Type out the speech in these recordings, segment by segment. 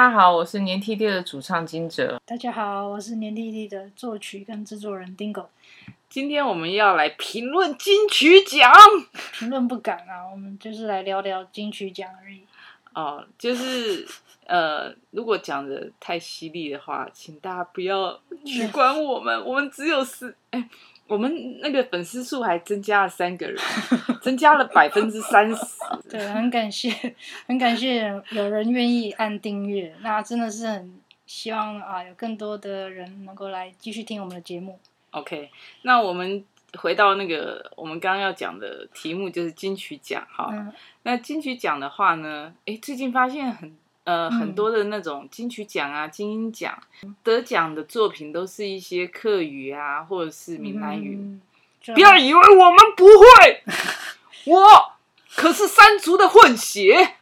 大家好，我是黏 tt 的主唱驚蟄。大家好，我是黏 tt 的作曲跟製作人 Dingo。今天我們要來評論金曲獎，評論不敢啊，我們就是來聊聊金曲獎而已。哦，就是呃，如果講的太犀利的話，請大家不要取關我們。 我們只有四哎、欸，我們那個粉絲數還增加了三個人， 增加了百分之三十。對，很感謝，很感謝有人願意按訂閱， 那真的是很希望啊，有更多的人能夠來繼續聽我們的節目。OK，那我們回到那個我們剛剛要講的題目，就是金曲獎哈。哦嗯那金曲獎的話呢？哎、欸，最近發現很呃、嗯、很多的那種金曲獎啊、金音獎得獎的作品，都是一些客語啊，或者是閩南語。嗯、不要以為我們不會， 我可是三族的混血，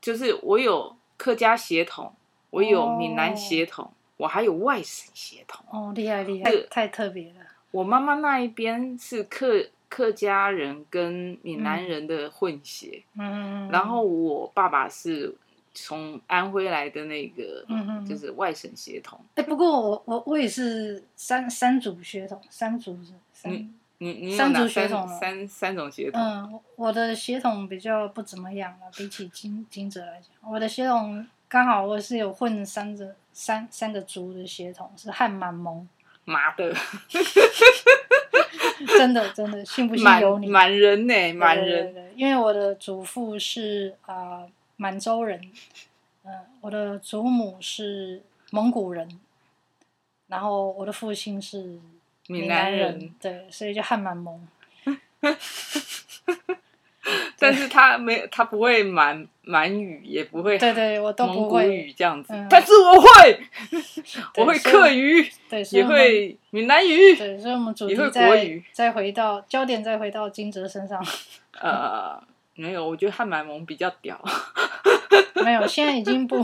就是我有客家血統，我有閩南血統，哦、我還有外省血統。哦，厲害厲害，厲害那個，太特別了。我媽媽那一邊是客。客家人跟閩南人的混血，嗯嗯、然後我爸爸是從安徽來的那個，嗯嗯、就是外省血統。哎、欸，不過我我我也是三三族血統，三族是。你你你有哪三三血統嗎三,三,三種血統？嗯，我的血統比較不怎麼樣了、啊，比起驚驚蟄來講，我的血統剛好我是有混三者三三個族的血統，是漢滿蒙。媽的。 真的，真的，信不信由你。滿人呢、欸？滿人對對對對，因為我的祖父是、呃、滿洲人，嗯、呃，我的祖母是蒙古人，然後我的父親是閩南人，閩南人對，所以就漢滿蒙。 但是他沒，他不會滿滿語，也不會對對，我都不會蒙古語這樣子。嗯、但是我會， 我會客語，對對也會閩南語。對，所以我們主題在，語，再回到焦點，再回到驚蟄身上。呃，沒有，我覺得漢滿蒙比較屌。 沒有，現在已經不，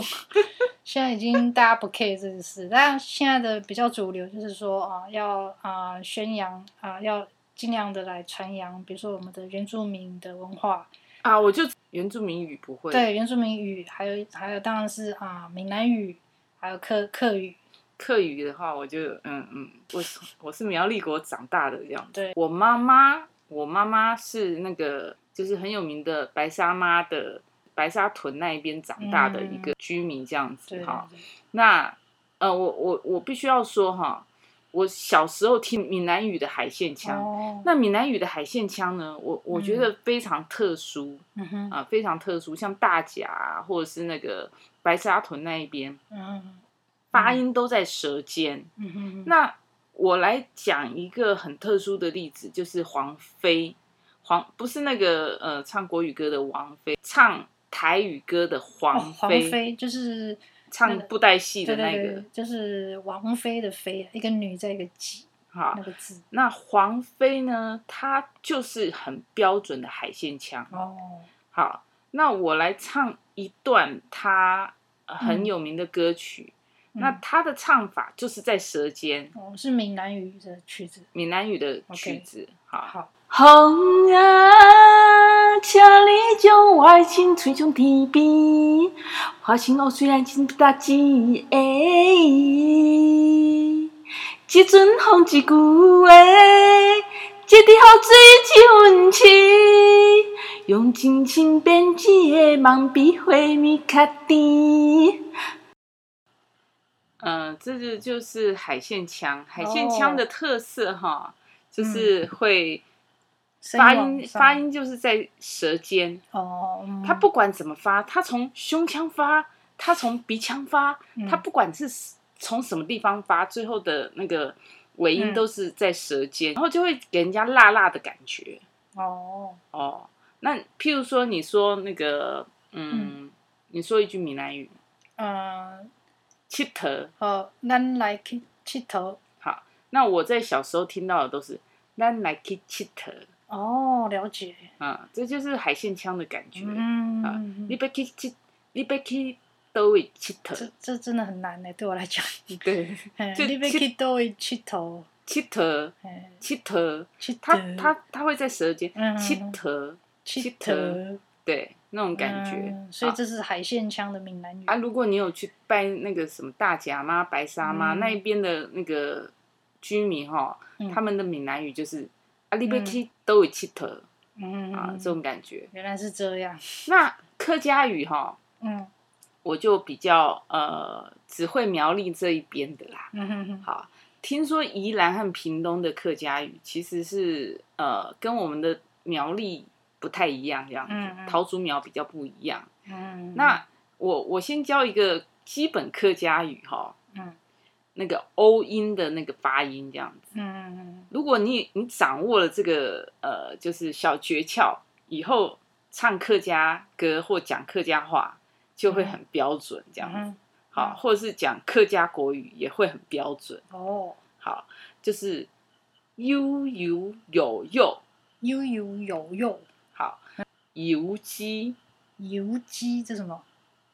現在已經大家不 care 這件事。大家現在的比較主流就是說啊，要、呃、宣啊宣揚啊要。盡量的來傳揚，比如說我們的原住民的文化啊，我就原住民語不會。對，原住民語還有還有，還有當然是啊，嗯、閩南語，還有客客語。客語的話，我就嗯嗯，我我是苗栗國長大的這樣 對，我媽媽，我媽媽是那個就是很有名的白沙媽的白沙屯那一邊長大的一個居民這樣子哈、嗯。那呃，我我我必須要說哈。我小時候聽閩南語的海線腔，哦、那閩南語的海線腔呢，我我覺得非常特殊，啊、嗯哼呃，非常特殊，像大甲或者是那個白沙屯那一邊，嗯、哼發音都在舌尖。嗯、哼哼那我來講一個很特殊的例子，就是黃妃，黃不是那個呃唱國語歌的王菲，唱台語歌的黃妃、哦、黃妃，就是。唱布袋戲的那個，對對對對就是王妃的“妃”，一個女在一個“己”好哈，那個字。那黃妃呢？她就是很標準的海鮮腔哦。好，那我來唱一段她很有名的歌曲。嗯、那她的唱法就是在舌尖，哦、是閩南語的曲子，閩南語的曲子。Okay, 好。好風啊，請你將我愛情吹上天邊，化成烏水染成不值錢。哎、欸，一陣風一句話，一滴雨水一份情，用真情編織的夢比花蜜卡甜。嗯、呃，這個就是海線腔，海線腔的特色哈、哦，就是會。發音發音就是在舌尖，哦，嗯、他不管怎麼發，他從胸腔發，他從鼻腔發，他，發、嗯、他不管是從什麼地方發，最後的那個尾音都是在舌尖，嗯、然後就會給人家辣辣的感覺。哦哦，那譬如說你說那個，嗯，嗯，你說一句閩南語，嗯，cheater，好，咱來聽 cheater。好，那我在小時候聽到的都是，咱來、like、聽 cheater。哦，了解。嗯，這就是海線腔的感覺。嗯，你別去你別去都會吃特。這這真的很難的，對我來講。對。你別去都會吃吐。吃特。嘿，吃吐。吃吐。他他他會在舌尖。嗯嗯。吃吐。對，那種感覺。所以這是海線腔的閩南語啊！如果你有去拜那個什麼大甲媽、白沙媽那一邊的那個居民哈，他們的閩南語就是。阿都有七頭，啊，嗯、啊，這種感覺。原來是這樣。那客家語哈，嗯、我就比較呃，只會苗栗這一邊的啦。嗯、呵呵好，聽說宜蘭和屏東的客家語其實是呃，跟我們的苗栗不太一樣這樣子。桃竹、嗯嗯、苗比較不一樣。嗯嗯，那我我先教一個基本客家語哈。嗯那個歐音的那個發音這樣子，嗯，如果你你掌握了這個呃，就是小訣竅以後，唱客家歌或講客家話就會很標準這樣子，好，或者是講客家國語也會很標準哦。好，就是悠悠有用，悠悠有用。好，游擊，游擊這什麼？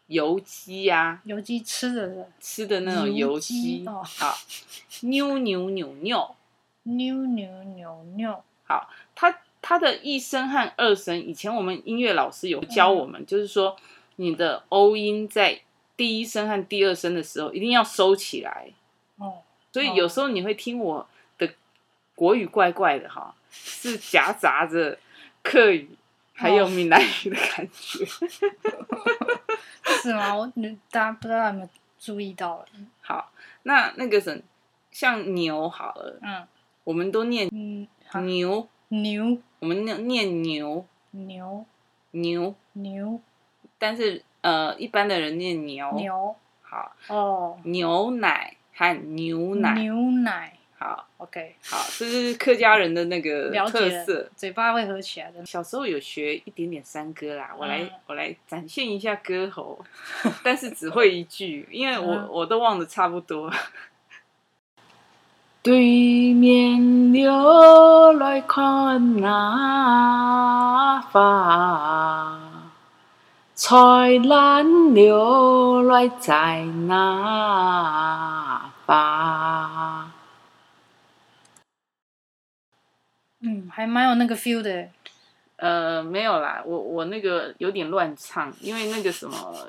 油雞呀、啊，油雞吃的是是吃的那種油雞，油哦、好，妞妞扭妞，妞妞扭妞，好，他他的一聲和二聲，以前我們音樂老師有教我們，嗯、就是說你的歐音在第一聲和第二聲的時候一定要收起來哦，所以有時候你會聽我的國語怪怪的哈，是夾雜着客語。還有閩南語的感覺，是嗎、oh？ 我大家不知道有沒有注意到了。好，那那個什像牛好了，嗯，我們都念牛嗯，牛牛，我們念念牛牛牛牛，牛牛但是呃，一般的人念牛牛，好哦，oh. 牛奶和牛奶牛奶。好，OK，好，這是客家人的那個特色，了解了，嘴巴會合起來的。小時候有學一點點山歌啦，我來，嗯、我來展現一下歌喉， 但是只會一句，因為我、嗯、我都忘得差不多。嗯、 對面流來看哪發，彩蘭流來在哪發。嗯，還蠻有那個 feel 的。呃，沒有啦，我我那個有點亂唱，因為那個什麼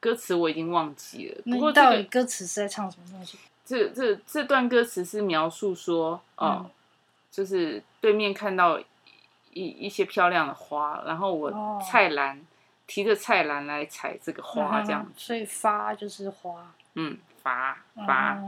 歌詞我已經忘記了。 不過、這個、你到底歌詞是在唱什麼東西？這這這段歌詞是描述說，哦，嗯、就是對面看到一一些漂亮的花，然後我菜籃、哦、提着菜籃來採這個花，這樣子、嗯。所以“發”就是花。嗯，發發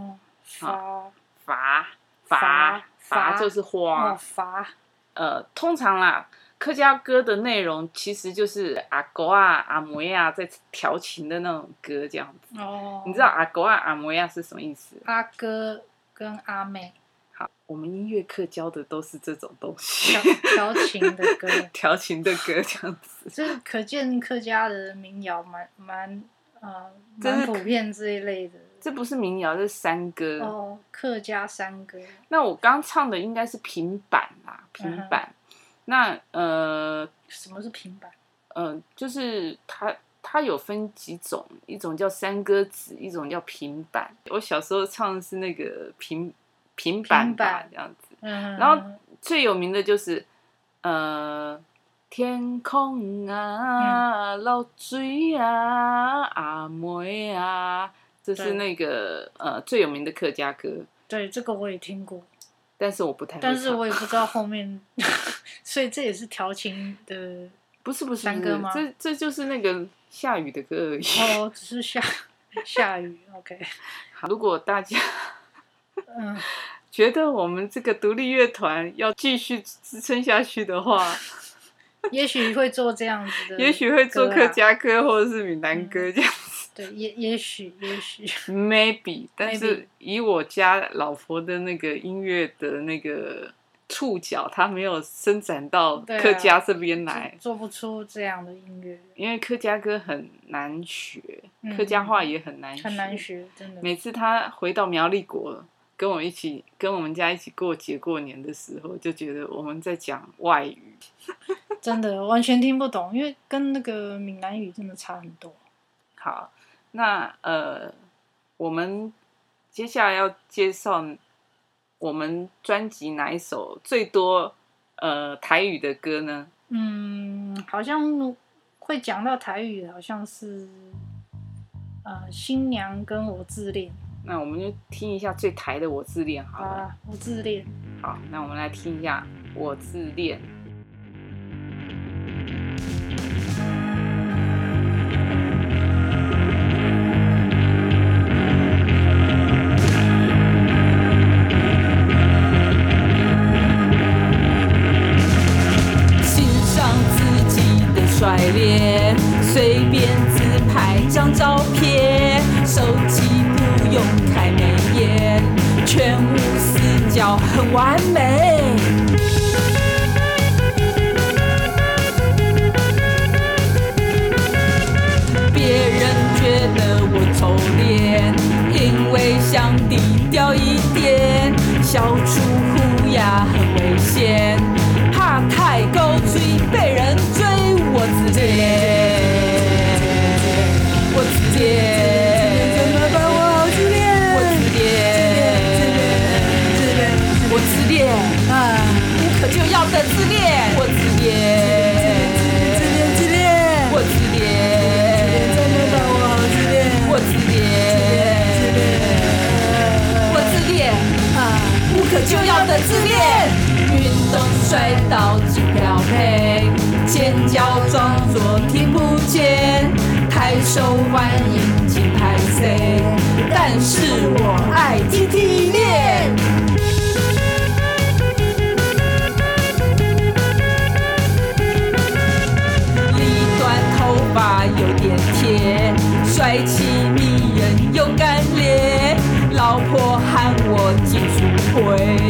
發發。伐伐乏乏就是花、啊、呃，通常啦，客家歌的內容其實就是阿哥啊、阿妹啊在調情的那種歌這樣子。哦，你知道阿哥啊、阿妹啊是什麼意思？阿哥跟阿妹。好，我們音樂課教的都是這種東西，調情的歌， 調情的歌這樣子。這可見客家的民謠蠻蠻啊蠻，呃、蠻普遍這一類的。這不是民謠，是山歌。哦，oh, 客家山歌。那我剛唱的應該是平板啦，啊，平板。Uh huh. 那呃，什麼是平板？嗯、呃，就是它，它有分幾種，一種叫山歌子，一種叫平板。我小時候唱的是那個平平板吧，板這樣子。Uh huh. 然後最有名的就是，呃，天空啊，uh huh. 老水啊，阿妹啊。這是那個對呃，最有名的客家歌。對，這個我也聽過，但是我不太，但是我也不知道後面， 所以這也是調情的山，不是不是歌嗎，嗯？這這就是那個下雨的歌而已。哦，oh, 只是下下雨。OK，好，如果大家嗯 覺得我們這個獨立樂團要繼續支撐下去的話，也許會做這樣子的，啊，也許會做客家歌或者是閩南歌，嗯，這樣。對，也也許，也許。也 Maybe，但是以我家老婆的那個音樂的那個觸角，她沒有伸展到客家這邊來，啊、做不出這樣的音樂。因為客家歌很難學，嗯、客家話也很難學，很難學，真的。每次他回到苗栗國，跟我一起跟我們家一起過節過年的時候，就覺得我們在講外語， 真的完全聽不懂，因為跟那個閩南語真的差很多。好。那呃，我們接下來要介紹我們專輯哪一首最多呃台語的歌呢？嗯，好像會講到台語，好像是呃《新娘》跟我自戀。那我們就聽一下最台的我、啊《我自戀》好了，《我自戀》。好，那我們來聽一下《我自戀》。全無死角，很完美。嘿，尖叫裝作聽不見，太受歡迎金牌 C，但是我愛 T T 面。剪短頭髮有點甜，帥氣迷人又幹練，老婆喊我金主輝。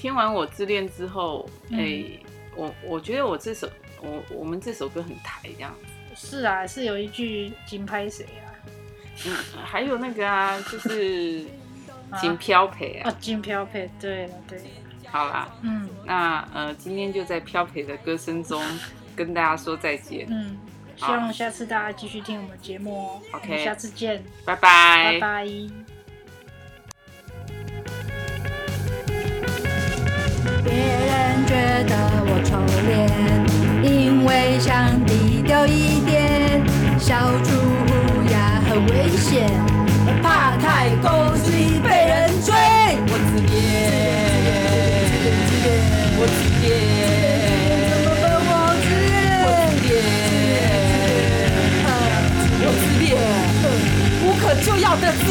聽完我自戀之後，哎、欸，嗯、我我覺得我這首我我們這首歌很台。這樣是啊，是有一句金拍謝啊，嗯，還有那個啊，就是金飄撇啊，金飄撇對對好啦，嗯，那呃，今天就在飄撇的歌聲中跟大家說再見，嗯，希望好下次大家繼續聽我們的節目哦、喔，OK，下次見，拜拜 bye，拜拜。覺得我醜臉，因為想低調一點，小豬虎牙很危險，怕太攻擊被人追。我自戀，我自戀怎麼辦？我自戀，我自戀，我自戀，無可救藥的。